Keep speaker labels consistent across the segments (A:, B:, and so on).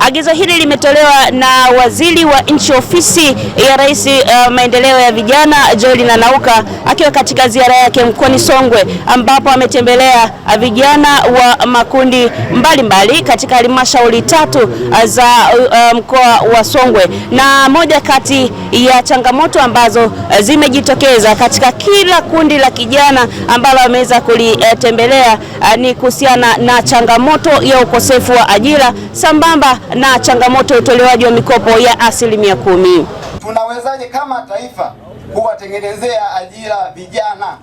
A: Agizo hili limetolewa na waziri wa nchi ofisi ya Rais uh, maendeleo ya vijana joli nanauka akiwa katika ziara yake mkoani Songwe ambapo ametembelea vijana wa makundi mbalimbali mbali, katika halmashauri tatu eh, za uh, mkoa wa Songwe, na moja kati ya changamoto ambazo zimejitokeza katika kila kundi la kijana ambalo ameweza kulitembelea uh, ni kuhusiana na changamoto ya ukosefu wa ajira sambamba na changamoto ya utolewaji wa mikopo ya asilimia kumi.
B: Tunawezaje kama taifa kuwatengenezea ajira vijana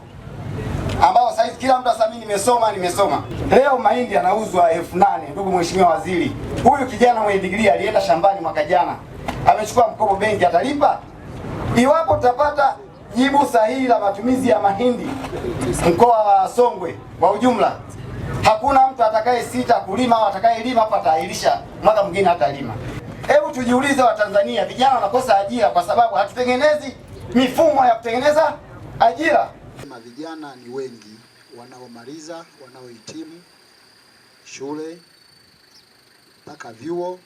B: ambao sasa kila mtu asamii nimesoma nimesoma. Leo mahindi yanauzwa elfu nane. Ndugu mheshimiwa waziri, huyu kijana mwenye digrii alienda shambani mwaka jana, amechukua mkopo benki, atalipa? Iwapo tapata jibu sahihi la matumizi ya mahindi mkoa wa Songwe kwa ujumla Hakuna mtu atakaye sita kulima au lima hapa ataahirisha mwaka mwingine hata lima. Hebu tujiulize, Watanzania vijana wanakosa ajira kwa sababu hatutengenezi mifumo ya kutengeneza ajira.
C: Vijana ni wengi wanaomaliza, wanaohitimu shule mpaka vyuo,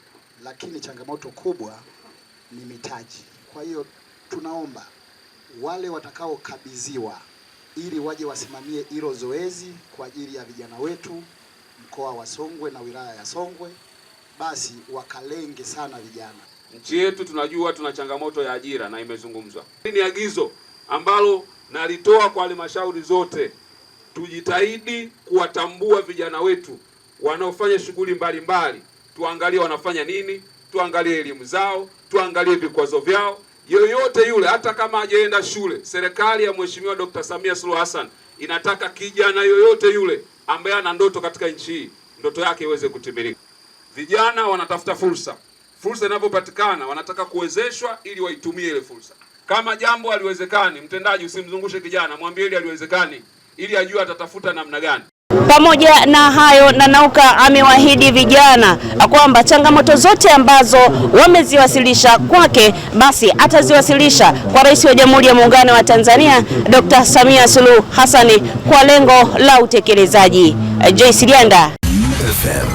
C: lakini changamoto kubwa ni mitaji. Kwa hiyo tunaomba wale watakaokabidhiwa ili waje wasimamie hilo zoezi kwa ajili ya vijana wetu mkoa wa Songwe na wilaya ya Songwe, basi wakalenge sana vijana.
D: Nchi yetu tunajua tuna changamoto ya ajira na imezungumzwa. Ni agizo ambalo nalitoa kwa halmashauri zote, tujitahidi kuwatambua vijana wetu wanaofanya shughuli mbalimbali, tuangalie wanafanya nini, tuangalie elimu zao, tuangalie vikwazo vyao yoyote yule, hata kama hajaenda shule. Serikali ya Mheshimiwa Dr. Samia Suluhu Hassan inataka kijana yoyote yule ambaye ana ndoto katika nchi hii, ndoto yake iweze kutimilika. Vijana wanatafuta fursa, fursa inapopatikana wanataka kuwezeshwa ili waitumie ile fursa. Kama jambo haliwezekani, mtendaji, usimzungushe kijana, mwambie ili haliwezekani, ili ajue atatafuta namna gani.
A: Pamoja na hayo, Nanauka amewaahidi vijana kwamba changamoto zote ambazo wameziwasilisha kwake basi ataziwasilisha kwa Rais wa Jamhuri ya Muungano wa Tanzania Dr. Samia Suluhu Hassan kwa lengo la utekelezaji. Joyce Ganda FM.